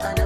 for another.